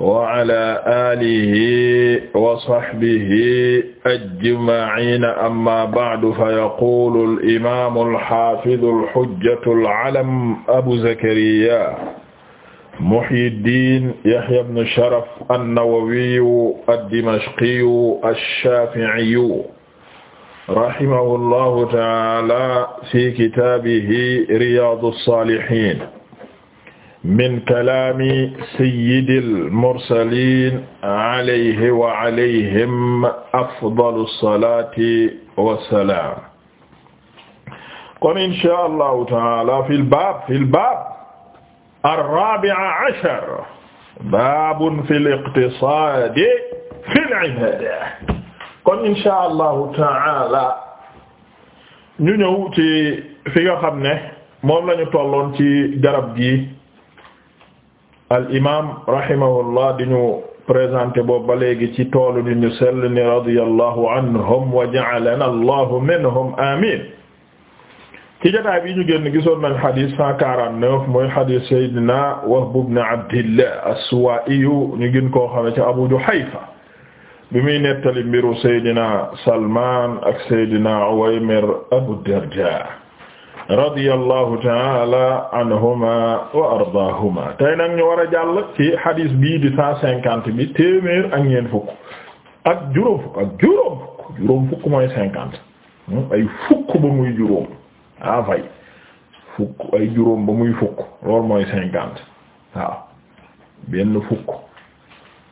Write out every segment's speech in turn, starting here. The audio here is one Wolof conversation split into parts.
wa ala alihi wa sahbihi ajma'iina amma ba'du fa yaqulu al-imaamu al-haafidu al-hujjatu al-alam abu zakariya muhyiddin yahya ibn sharaf an-nawawiyyu ad-dimashqiyyu ash-shaafi'iyyu rahimahu llahu ta'aala fi kitaabihi riyaadu s-saalihiin min kalaami sayyidil mursaliin alayhi wa alayhim afdalu salaati wa salaam. kon incha allahu taala fil baab fil baab ar-raabi'a ashar baabun fil iqtisaadi fil ibaada kon incha allahu taala ñu ñëw ci fi nga xam ne moom lañu tolloon ci garab gi. al imaam rahimahullah di ñu présenté boobu ba léegi ci toolu di ñu sell ni radiyallahu anhum wa ja'alana allahu minhum amiin ci jotaay bi ñu génn gisoon nañ xadis 149 mooy xadis sayyidina Wahb ibn Abdillah as-Suwaa'i ñu gën koo xamee ci Abu Juhayfa bi muy nettali mbiru sayyidina Salmaan ak sayyidina Uwaymir Abu Dardaa radiyallahu taala anhuma wa ardaahuma war a jàll ci hadis bii di cent cinquante bi téeméer ak fukk ak juróom fukk ak juróom fukk juróom fukk mooy cinquante hmm? ay fukk ba muy juróom ah fay fukk ay juróom ba muy fukk loolu mooy cinquante waaw benn fukk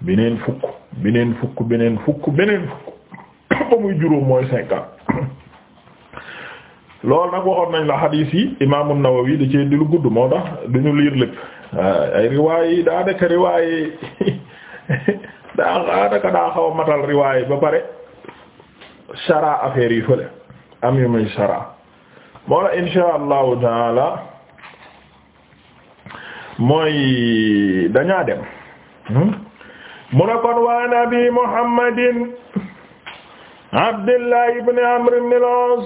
beneen fukk beneen fukk beneen fukk beneen fukk ba muy juróom mooy cinquante loolu nag waxoon nañ la xadiis yi Nawawi da cee di lu gudd moo tax duñu liir lépp ay riwaay daa nekk riwaay daa xaw a matal riwaay ba pare shara affaire yi fële am yu muy shara moo la insha allahu taala mooy dañaa dem hmm? mu ne kon waa nabi muhammadin Abdullah ibn Amr ibn al-As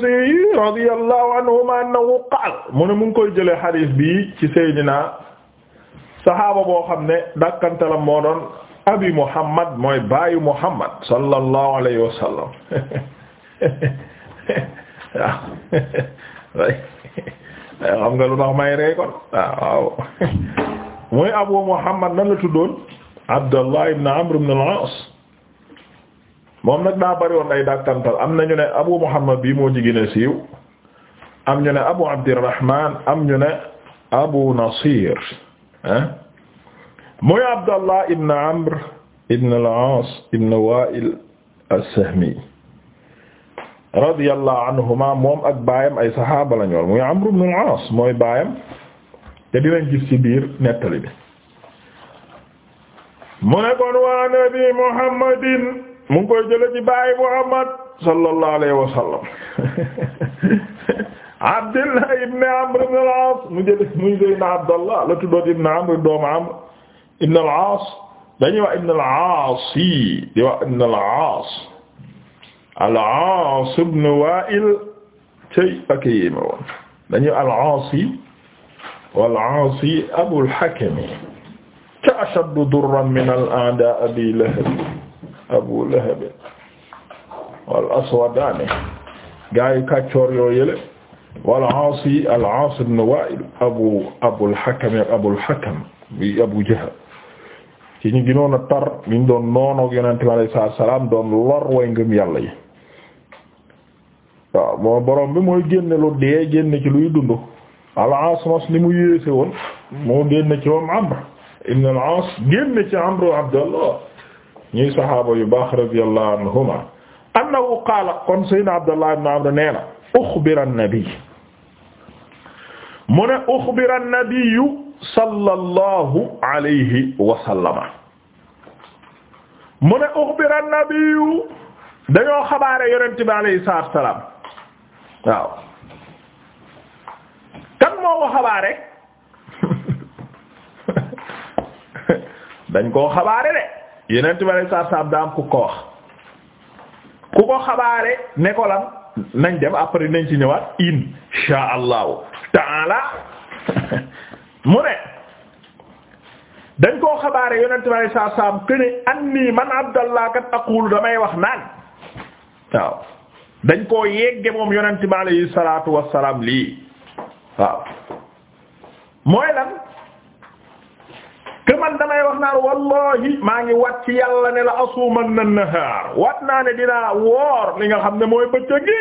radiyallahu anhuma annahu qaala mu ne mu ngi koy jëlee xadiis bi ci Seydina saxaaba boo xam ne dakkantalam moo doon abi Muhammad mooy baayu Muhammad sallallahu alayhi wa sallam waaw xam nga lu tax may rey kon waaw muy abu Muhammad nan la tuddoon Abdullah ibn Amr ibn al-As moom nag daa bari woon ay dàkkantal am na ñu ne abu muhammad bi moo ci gën a siiw am ñu ne abu abdirrahman am ñu ne abu nasir ah muy abdallah ibn amr ibn al-aas ibn wa'il as-sahmi radiyallahu anhuma moom muy amr ibn al-aas mooy baayam te dinañ gis ci biir nettali bi mu ne kon waa nabi muhammadin mu ngi koy jële ci baay Muhammad sallallahu alayhi wa sallam Abdullah ibn Amr ibn al-As mu jële muy Seydina Abdallah la tuddoon ibn Amr doomu Amr ibn al-As dañuy wax ibn al-As yi di wax ibn al-As al-As ibn Wa'il cey ak yéeme woon dañuy al-As yi wal-As yi Abul Hakim ca ashaddu durran min al-a'da Abi Lahab abu lahab wal aswadaani gaayu kàccoor yoo wal aas al aas ibn wa'il abu abul hakam ak abul hakam bi abu jahl ci ñu gënoon a tar ñu doon noonoog yonent bi alayhi salaatu salaam doon lor way ngëm yàlla yi waaw moo borom bi lu dee génne ci luy dund al aas mos li mu yéese woon moo génne ci moom amr ibn al aas génne ci amr abdallah ñuy saxaaba yu baax radiyallahu anhuma annahu qaala kon sayyidina Abdullah ibn Amr nee na uxbira an mu ne uxbira an-nabi sallallahu alayhi wa mu ne uxbira an-nabi dañoo xabaare yonent bi alayhi salaatu wa salaam waaw kan moo ko xabaare dañ koo xabaare de yeneen tubaab yi sa saam daa am ku ko wax ku ko xabaare ne ko lan nañ dem après nañ ci ñëwaat insha allahu taala mu ne dañ koo xabaare yeneen tubaab yi saa saam que ne anni man abdallah kat aqulu damay wax naan waaw dañ koo yegge moom yonent bi alayhi salaatu wassalaam lii waaw mooy lan. que man damay wax naar wallahi maa ngi wat ci yàlla ne la asuuman na nahaar wat naa ne dinaa woor li nga xam ne mooy bëccëg gi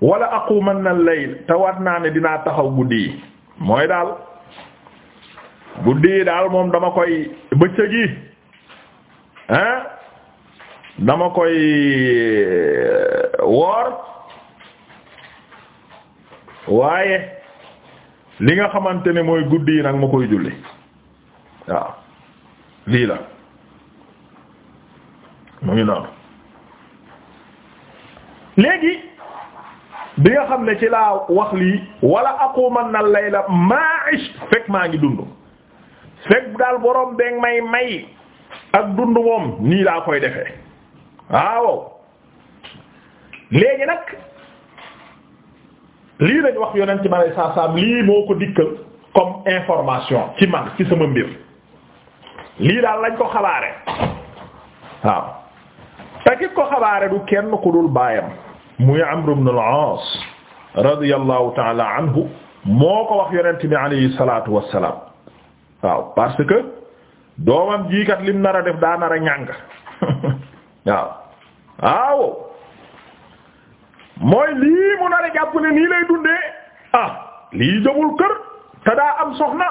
wala aquman na layl te wat naa ne dinaa taxaw guddi yi mooy daal guddi yi daal moom dama koy bëccëg yi dama koy euh, woor waaye li nga xamante ne mooy guddi yi nag ma koy julli waaw lii la mu ngi noonu léegi bi nga xam ne ci laa wax lii wala aquman na lay maa ish fekk maa ngi dund fekk daal borom beeg may may ak dund moom nii laa koy defe waaw léegi nag lii lañ wax yonent bi alay saa saam lii moo ko dikkal comme information ci man ci sama mbir lii daal lañ ko xabaare waaw te ko xabaare du kenn ku dul baayam mu Amr ibn al-Aas radiyallahu ta'ala anhu moo ko wax yonent bi alayhi salaatu wassalaam waaw parce que doomam jiikat lim nar a def daa nar a ñàng waaw mooy lii mu nar a jàpp ne nii lay dundee ah lii jomul kër te daa am soxna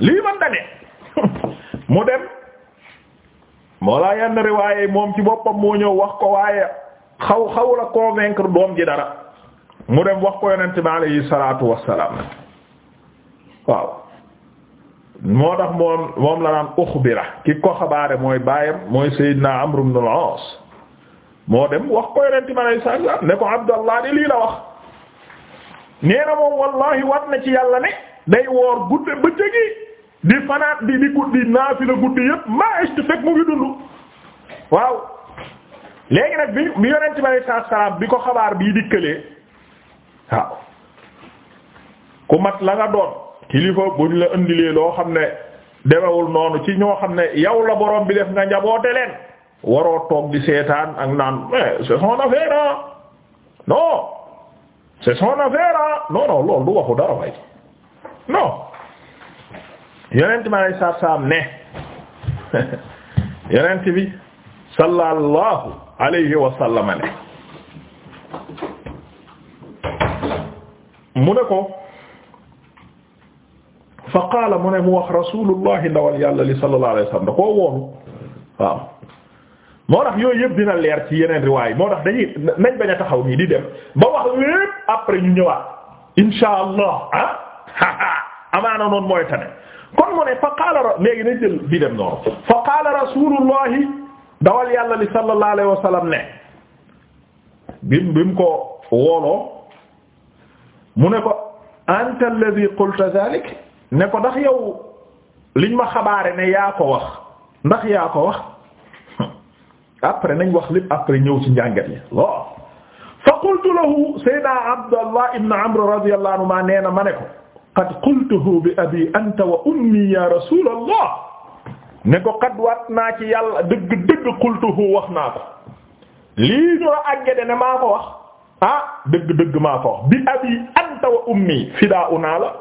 lii man dane mu dem moo laa yenn riwaaye moom ci boppam moo ñëw wax ko waaye xaw xaw la convaincre doom ji dara mu dem wax ko yonent bi alayhi salaatu wassalaam waaw moo tax moom moom la naan uxbira ki ko xabaare mooy baayam mooy Seydina Amr ibn al-Aas moo dem wax ko yonent bi alayhi salaam ne ko Abdallah de lii la wax nee na moom wallahi war na ci yàlla ne day woor gudde bëccëg yi di fanaat di di guddi naafila guddi yépp maa est fekk mu ngi dund waaw léegi nag bi bi yonent bi alayhi salaam bi ko xabaar bii dikkalee waaw ku mat la nga doon kilifa buñ la indilee loo xam ne demewul noonu ci ñoo xam ne yow la borom bi def nga njaboote leen waroo toog di seetaan ak naan mais eh, c'est son affaire ah, ah. dara way non yonent ma lay saat ne yonent bi sallallahu alayhi wa ne mu ne ko fa qaala mu ne mu wax rasulullah ndawal yàlla li sallallahu alayhi wa sallam koo woonu waaw moo tax yooyu yëpp dina leer ci yeneen riwaay moo tax dañuy nañ bañ a taxaw nii di dem ba wax lépp après ñu ñëwaat insha allah ah amaana noonu mooy tane kon mu ne fa qaala léegi nañ jël di dem noonu fa qaala rasulullahi dawal yàlla li sallallahu alayhi wa sallam ne bim bim ko wooloo mu ne ko anta alladhi qulta dhalik ne ko ndax yow liñ ma xabaare ne yaa ko wax ndax yaa ko wax après nañ wax lépp après ñëw ci njàngat yi lo fa qultu lahu sayyida abdallah ibn amr radiyallahu anhu ma nee na ma ne ko qad qultuhu bi abi anta wa ummi ya rasul ne ko qad waat naa ci yàlla dëgg dëgg qultuhu wax naa ko lii ñu la de ne maa ko wax ah dëgg dëgg maa ko wax bi abi anta wa ummi fidaa unaa la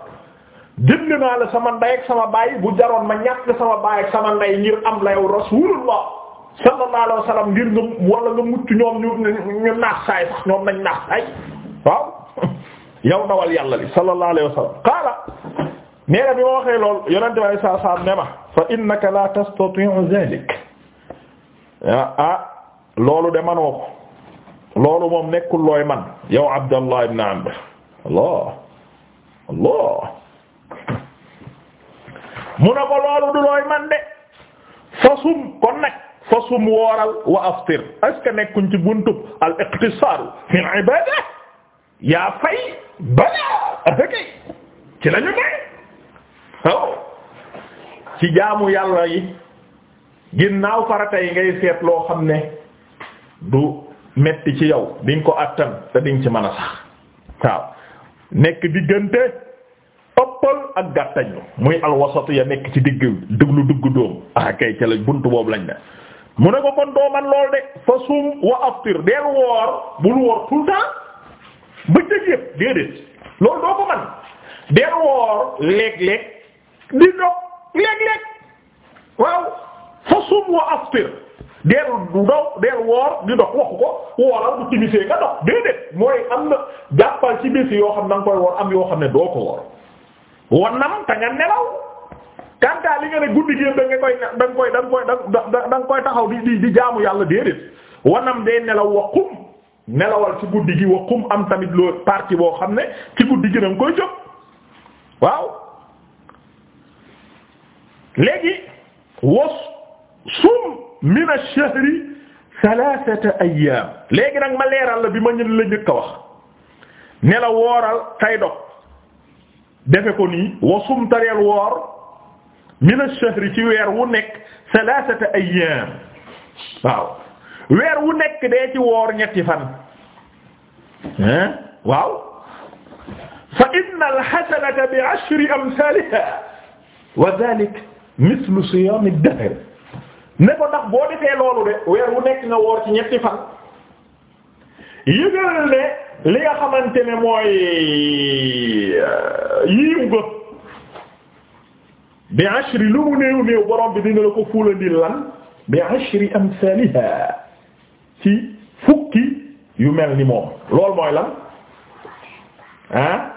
jënd naa la sama ndey ak sama baay bu jaroon ma ñàkk sama baay ak sama ndey ngir am la yow rasulullah sallallahu alayhi wa sallam ngir nga ñoom ñu ñu sax ñoom nañ naax yow yàlla li sallallahu alayhi wa sallam qaala na bi ma waxee lool yonente bi saa saa fa innaka la tastati'u zalik ah ah loolu de manoo loolu moom nekkul looy man yow Abdallah ibn Amr mu ne ko loolu du looy man de fasum kon nag fa sum wooral wa aftir est-ce nekkuñ ci buntub al iqtisaaru fi al yaa fay bala kay ci lañu ne ci jaamu yàlla yi ginnaaw farata yi ngay seet loo xam ne du metti ci yow diñ ko attan te diñ ci mën a sax waaw nekk diggante ëppal ak gàttañu muy alwasatu ya nekk ci digg duglu dugg dóom ah kay ca bunt boobu lañ ne mu ne ko kon doo man lool de fa sum wa aftir deel woor bul woor tout le temps yëpp déedéet loolu doo ko man deel woor léeg-léeg di dog léeg-léeg waaw fa sum wa aftir deel dog deel woor di dog waxu ko wooral bu timisee nga dog déedéet mooy am na jàppal ci bés yoo xam na nga koy woor am yoo xam ne doo ko woor wannam ta nelaw kanta li nga ne guddi gi da nga koy da nga koy da koy taxaw di di di jaamu yàlla déedéet wanam day nelaw wa qum nelawal ci guddi gi wa qum am tamit loo partie boo xam ne ci guddi gi da nga koy jóg waaw léegi was sum min ash-shahri thalathata ayyam léegi nag ma leeral la bi ma ñën la njëkk a wax nelaw wooral tay dog defe ko nii wasum tareel woor min ash-shahri ci weer wu nekk salasata ayyam weer wu nekk dee ci woor ñetti fan hein waaw fa al-hasanata bi ashri amsaliha wa dhalika mithlu siyam ad-dahr ne wu nekk nga woor ci ñetti fan yëgal ne li nga xamante ne mooy euh, yiw ga bi ashri lu mu néew néew borom bi dina la ko fulandil lan bi ashri amsaliha ci fukki yu mel ni moom loolu mooy lan ah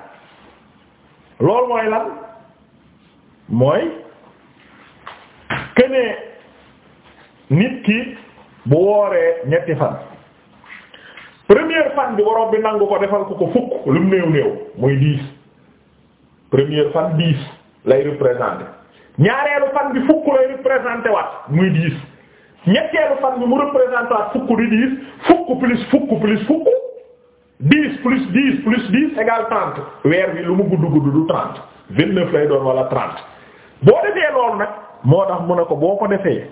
loolu mooy lan mooy kene nit ki bu wooree ñetti fan première fan bi borom bi nangu ko defal ko ko fukk lu mu néew néew mooy dix première fan dix lay représenter ñaareelu fan bi fukk lay représenté waat muy dix ñetteelu fan bi mu représenté waat fukk di dix fukk plus fukk plus fukk dix plus dix plus dix égale trente weer bi lu mu gudd gudd du trente vingt neuf lay doon wala trente boo defee loolu nag moo tax mu ne ko boo ko defee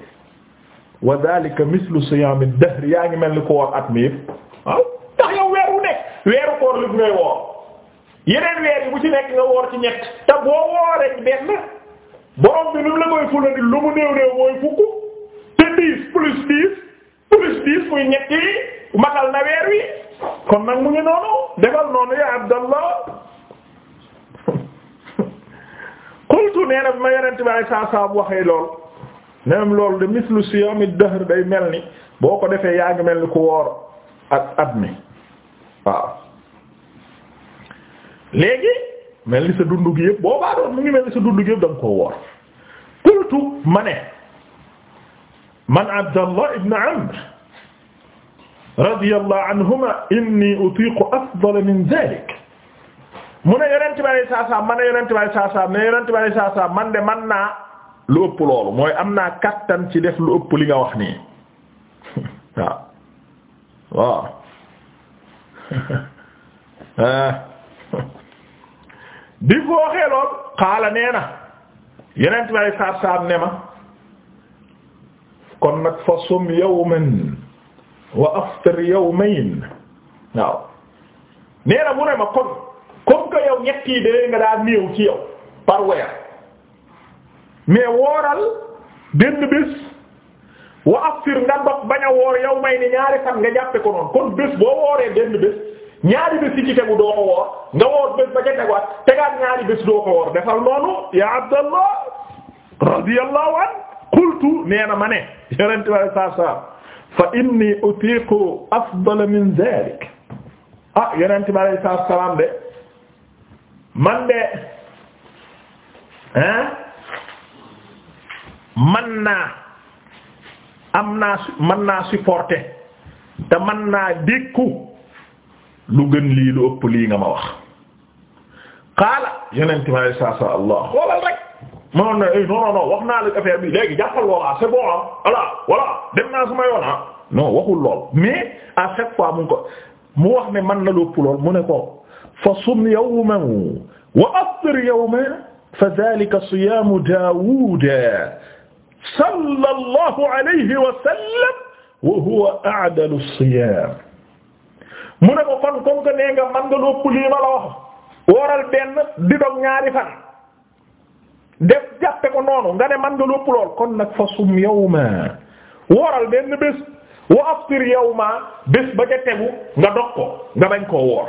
wa dhalika mislu lu ad-dahr yaa ngi mel ni ko woor at mi yëpp tax yow weer wu nekk weeru koor li ngay woor yeneen weer yi bu ci nekk nga woor ci ñett te boo wooree benn borom bi lu mu la koy fula di lu mu néew néew mooy fukk te dix plus dix plus dix muy ñett yi matal na weer wi kon nag mu ngi noonu defal noonu ya ab qultu nee na bi ma yonent bi alayhi salaam waxee lool nem loolu de mislu siyam ad-dahr day mel ni boo ko defee yaa ngi mel ni ku woor ak at mi waaw léegi mel ni sa dundu gi yëpp boo baa doon mu ngi mel ni sa dundu gi yëpp da koo woor qultu ma ne man abdallah ibn amr radiyallahu anhuma inni utiqu afdal min dhalik mu ne yonente bi alayhi salaam man ne yonente bi alayhi salaam ne yonente bi alayhi salaam man de man naa lu ëpp loolu mooy am naa kattan ci def lu ëpp li nga wax nii waaw waaw eh. bi ko waxee lool xaala nee na yeneen lay saab saab ne ma kon nag fa sum yawman wa aftir yawmayn waaw nee na mu ne ma kon comme que yow ñett yi dee nga daa néew ci yow par weer mais wooral benn bés wa aftir nga dog bañ a woor yawmayn ñaari fan nga jàppe ko noonu kon bés boo wooree benn bés ñaari bés yi ci tegu doo ko woor nga woor bés ba ca teguwaat tegaat ñaari bés doo ko woor noonu ya abdallah radiyallahu an qultu nee ma ne yonente ware sa sa fa inni utiqu afdala min zalik ah yonente bi alei salaam de man de hein man naa am naa mën naa supporter te mën naa dékku lu gën lii lu ëpp lii nga ma wax xaala yenente ma sa sa allah xoolal rek manoon na eh, non non non wax naa la affaire bi léegi jàppal loola c'est bon am ala voilà dem naa sama yoon ah non waxul lool mais à chaque fois mu ngi ko mu wax ne man na lu ëpp lool mu ne ko fa sum yawman wa aftir yawman fa dhalika siyamu daawuda sallallahu alayhi wa sallam wa huwa a'dalu siyam mu ne ko kon comme que nee nga man nga lópp lii ma la wax wooral benn di dog ñaari fan def jàppe ko noonu nga ne man nga lópp lool kon nag fa sum yawma wooral benn bés wa aftir yawma bés ba ca tegu nga dog ko nga bañ koo woor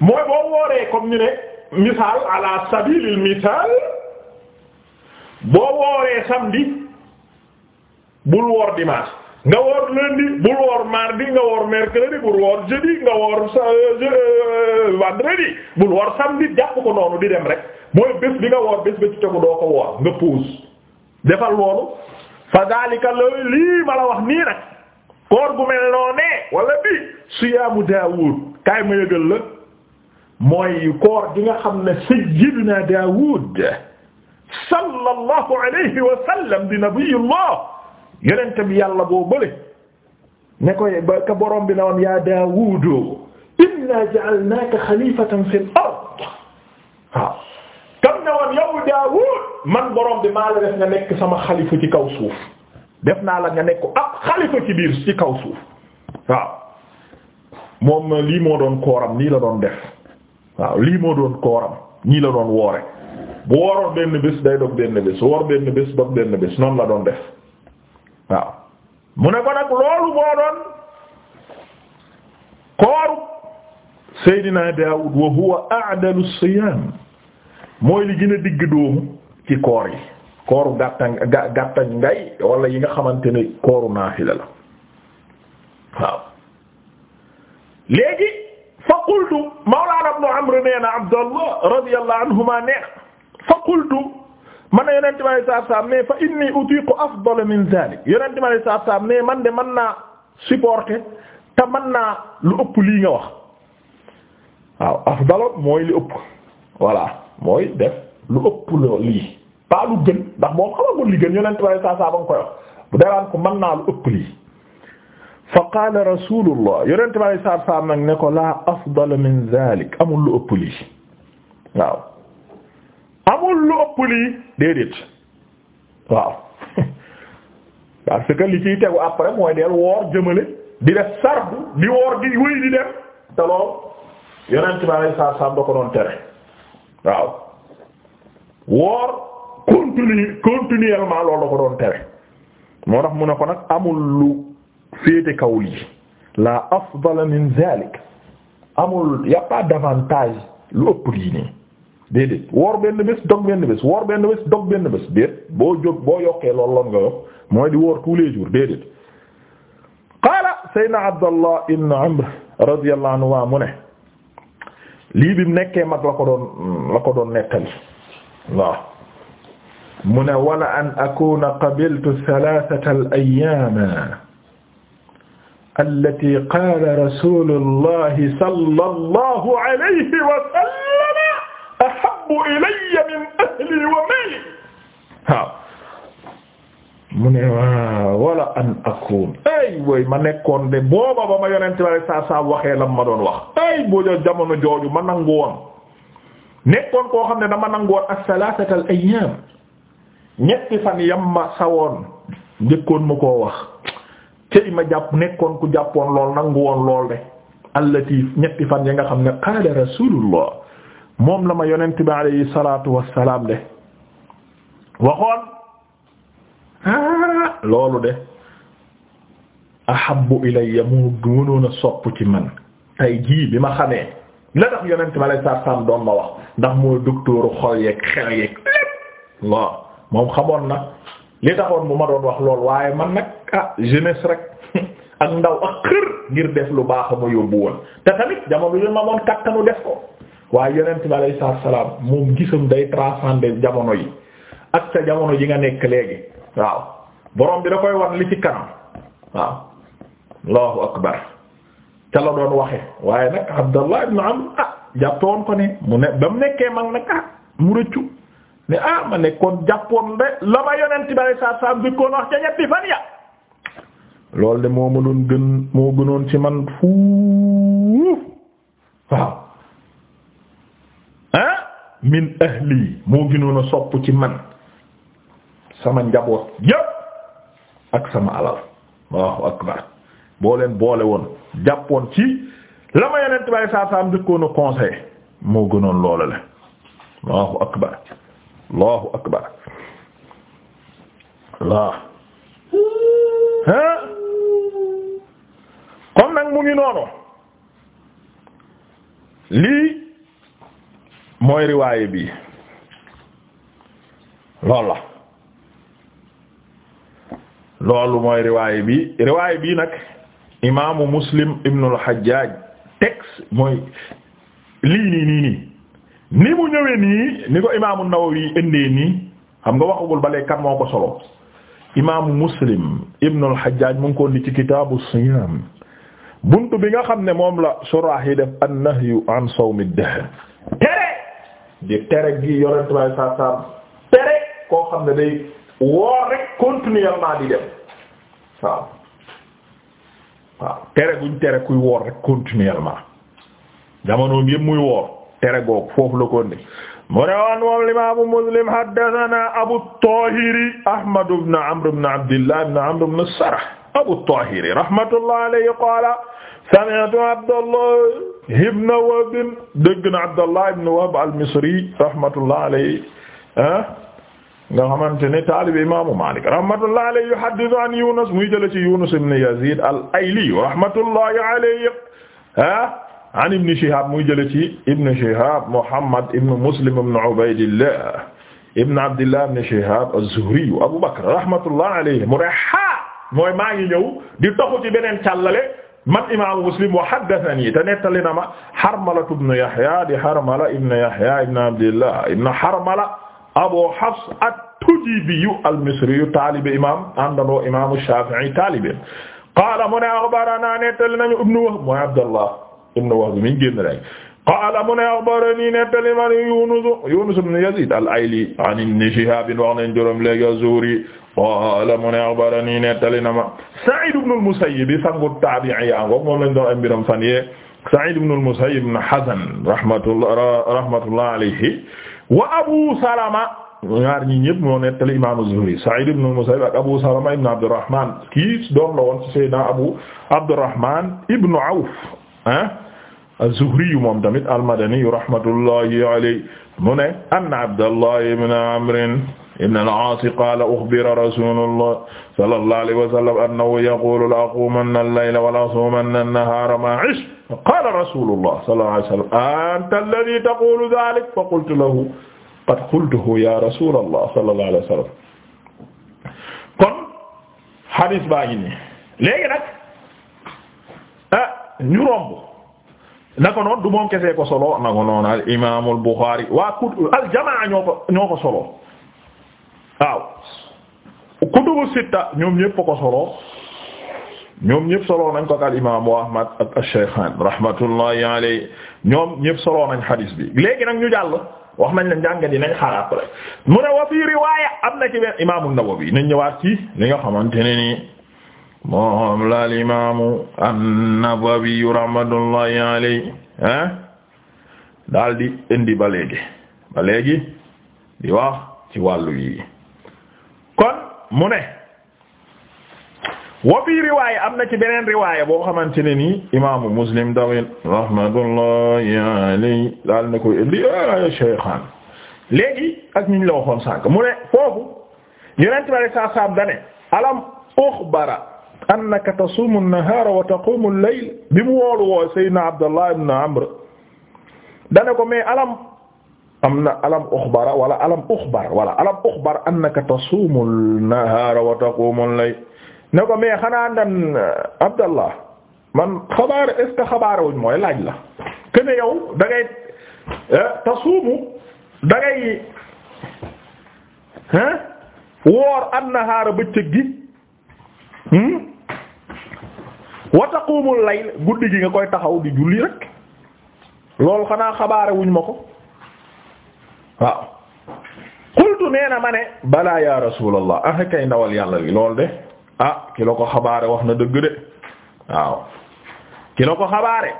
mooy boo wooree comme ñu ne misaal ala sabilil misaal boo wooree samedi bul woor dimanche nga woor lundi bul woor mardi nga woor mercredi bul woor jeudi nga woor euh, euh, vendredi bul woor samedi jàpp ko noonu di dem rek mooy bés bi nga woor bés ba ci tegu doo ko woor nga puus defal loolu fa daalika loolu lii ma wax nii nag koor gu mel noonee wala bi siyaamu Daawud kaay ma yëgal la mooy koor gi nga xam ne sayyidina Daawud sallallahu alayhi wa sallam nabiyullah yonent bi yàlla boo bële ne koy ba ka borom bi na woon yaa Daawuudu inna ja'alnaaka xalifatan fil waaw kam ne woon yow Daawuud man borom bi maa la def nga nekk sama xalifa ci kaw suuf def naa la nga nekk ab xalifa ci biir ci kaw suuf waaw moom lii moo doon kooram nii la doon def waaw lii moo doon kooram nii la doon woore bu wooroon benn bés day dog benn bés woor benn bés dog benn bés noonu la doon def waaw mu ne ko nag loolu moo doon kooru Seydina Daawud wa huwa a'dalu siyaam mooy li gën a digg doomu ci koor yi kooru gàttan gàttan ngay wala yi nga xamante ne kooru naafila la waaw léegi fa qultu mawlaana ibn Amr nee na Abdallah radiyallahu anhuma nee fa qultu man na yonente bi alei saatu salaam mais fa inni utiqu afdal min zalik yonente bi alei saatu salaam mais man de mën naa ta te naa lu ëpp lii nga wax waaw afdal mooy lu ëpp voilà mooy def lu ëpp loo lii pas lu gën ndax moom xamagul li gën yonente bi alei saatu nga koy wax bu daraan ko mën naa lu ëpp lii fa qaala rasulullah yonente bi alei saatu salaam nag ne ko laa afdal min zalik amul lu ëpp lii lii déedéet waaw parce que li ciy tegu après mooy del woor jëmale di def sarbu di woor di wéy di dem te lool yonent bi alei da ko doon tere waaw woor continue continuellement loolu da ko doon tere moo tax mu ne ko nag amul lu féete kaw lii la afdala min zalik amul y d'avantage lu ëpp lii nii déedéet woor benn bés dog benn bés woor benn bés dog benn bés déet boo jóg boo yokkee loolu loon nga yokk mooy di woor tous les jours déedéet qaala sayna abdallah ibn amr radiyallahu anhu mu ne lii bi mu nekkee mag la ko doon la ko doon nettali waaw mu ne wala an akuna qabiltu thalathata al ayyama allati qaala rasulullahi sallallahu alayhi wa sallam ahabbu ilayya min mu ne waaw wala an akun ay wooy ma nekkoon de booba ba ma yonente la saa saa waxee lam ma doon wax ay boo jo jamono jooju ma nangu woon nekkoon koo xam ne dama nangu woon ak salatata al ñetti fan yam ma sawoon njëkkoon ma koo wax cëy ma jàpp nekkoon ku jàppoon lool nangu woon lool de allati ñetti fan ya nga xam ne qaala rasulullah moom la ma yonent bi alayhi salaatu wassalaam de waxoon ah, loolu de ahabbu ilayya mu doonoon a sopp ci man tey jii bi ma xamee la tax yonent bi alayhi salaatu wassalaam doon ma wax ndax mooy doktooru xol yeeg xel yeeg lépp moom xamoon na li taxoon bu ma doon wax lool waaye man nag ah jeunesse rek ak ndaw ak xër ngir def lu baax a ma yóbbu woon te tamit jamono bi ma moon kattanu def ko waaye yonent bi alayhi salaam moom gisam day transcender jamono yi ak sa jamono ji nga nekk léegi waaw borom bi da koy wan li ci kanam waaw allahu akbar ca la doon waxe waaye nag abdallah ibn amr ah jàppoon ko ne mu ne ba mu nekkee mag nag ah mu rëccu ne ah ma nekkoon jàppoon de la ma yonent bi alayhi salaam dikkoon wax ca ñetti fan ya loolu de moo ma doon gën moo gënoon ci man fuuf waaw min ahli moo gënoon a sopp ci man sama njaboot yépp ak sama alal Allahu akbar boo leen boole woon jàppoon ci la ma yeneen bay saa saa njëkkoon a conseil moo gënoon loolu la Allahu akbar Allahu akbar Allah kon nag mu ngi noonu lii mooy riwaaye bi loolu la loolu mooy riwaaye bi riwaaye bi nag imaamu muslim ibnu al-Hajjaj texte mooy lii nii nii nii ni mu ñëwee nii ni ko imaamu Nawawi indee nii xam nga waxagul ba léegi kan moo ko solo imaamu muslim ibnu al-Hajjaj mu ngi ci kitaabu siyaam buntu bi nga xam ne moom la surah yi def an-nahyu an sawmi ad di tere gi yonent bay sa sam tere koo xam ne day woor rek continuellement di dem tere guñ tere kuy woor rek continuellement jamonoom yëpp muy woor tere googu foofu la ko indi mu ne Muslim haddathana Abu Tahiri Ahmad ibn Amr ibn Abdillah ibn Amr ibn Sarh Abu Tahir rahmatullahi alayhi qaala sami'tu Abdullah ibn Wahb dégg na Abdullah ibn Wahb al-Misri rahmatullahi alayhi ah, nga xamante ne taalibi imaamu Maalik rahmatullahi alayhi yuhaddithu an Yunus muy jële ci Yunus ibn Yazid al-Ayli rahmatullahi alayhi ah, an Ibn Shihab muy jële ci Ibn Shihab Muhammad ibn Muslim ibn Ubaydillah ibn Abdillah ibn Shihab az-Zuhri Abu Bakr rahmatullahi alayhi mooy maa ngi ñëw di toxu ci beneen càllale man imaamu muslim wa haddathani te nettali na ma Harmala ibn Yahya di Harmala ibn Yahya ibn Abdillah ibn Harmala Abu Hafs at-Tujibi al-Misri taalibe imaam àndandoo imaamu Shafi'i taalibe qaala mu ne akhbarana nettali nañu ibn Wahb mooy Abdallah ibn Wahb mi génn rek qaala mu ne axbarani nettali man Yunus Yunus ibn Yazid al-Ayli an Ibn Shihab wax nañ juróom léegi az-Zuhri qaala mu ne axbarani nettali na ma Sa'id ibn al-Musayyib sangu taabi'i yaa ngoog moom lañ doon ay mbiram fan yee Sa'id ibn al-Musayyib ibn Hazn rahmatullah rahmatullah alayhi wa Abu Salama ñaar ñi ñëpp moo nettali imaamu Zuhri Sa'id ibn al-Musayyib ak Abu Salama ibn Abdurrahman kii doom la woon ci Seydina Abu Abdurrahman ibn Awf ah az-Zuhri yu moom tamit al-Madani yu rahmatullahi alayhi mu ne anna Abdallahi ibn Amr ibn al-Aas qaala ukhbira rasulullah sallallahu alayhi wa sallam annahu yaqulu la-aqumanna al-layla wa la-asumanna an-nahaara ma ishtu qaala rasulullah sallallahu alayhi wa sallam anta alladhi taqulu dhalik fa qultu lahu qad qultuhu ya rasulallah sallallahu alayhi wa sallam kon hadis baa ngi nii léegi nag ah, ñu romb naka noonu du moom kesee ko solo naka noonu al imaamul Buxaari waa al jamaa ñoo ko ñoo ko solo waaw kutubu sitta ñoom ñépp ko solo ñoom ñépp solo nañ ko ak al Ahmad ak ash rahmatullahi alayhi ñoom ñépp solo nañ xadiis bi léegi nag ñu jàll wax nañ la njàngat yi nañ xaar après mu ne wa fii riwaaya am na ci benn imaamu Nawawi nañ ñëwaat ci li nga xamante ne moom la alimaamu an-Nawawi rahmatullahi alayhi ah daal di indi ba léegi léegi di wax ci kon mu ne wa fii am na ci beneen riwaaya boo xamante ne nii imaamu Muslim dawin rahmatullahi alayhi daal na koy indi a shaykhan léegi ak ñu la waxoon sànk mu ne foofu yonent bi sallallahu dane alam ukhbara annaka tasuumu an-nahaara wa taquumu al-layl bi mu woolu woo Seydina Abdallah ibn Amr dane ko mais alam am na alam uxbara wala alam uxbar wala alam uxbar annaka tasuumu an-nahaara wa taquumu al-layl ne ko mais xanaa ndan euh, Abdallah man xabaar est-ce que xabaar wuñ mooy laaj la kene yow da ngay euh, tasuumu da ngay woor an-nahaara bëccëg gi hmm? wa taqumul layl guddi gi nga koy taxaw di julli rek loolu xanaa xabaare wuñ ma ko waaw qultu nee ma ne balaa ya rasulallah ah kay ndawal yàlla li lool de ah ki ko xabaare wax na dëgg de waaw ki ko xabaare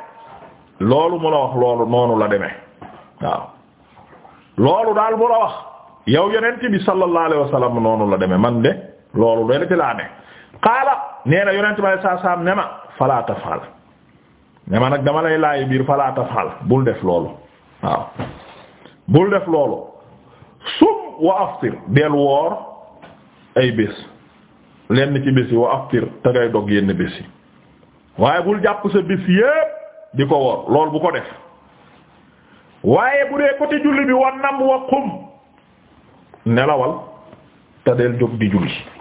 loolu mu a wax loolu noonu la demee waaw loolu daal mu a wax yow yeneen bi sallallahu alayhi wasallam noonu la demee man de loolu de la ci laa nee na yonent bi saa ne ma falaa tafal ne ma nag dama lay laaj biir falaa tafal bul def loolu waaw bul def loolu sum wa aftir del woor ay bés lenn ci bés yi wa aftir te ngay dog yenn bés yi waaye bul jàpp sa bés yépp di ko woor loolu bu ko def waaye bu dee côté julli bi wa nam wa qum nelawal te del jóg di julli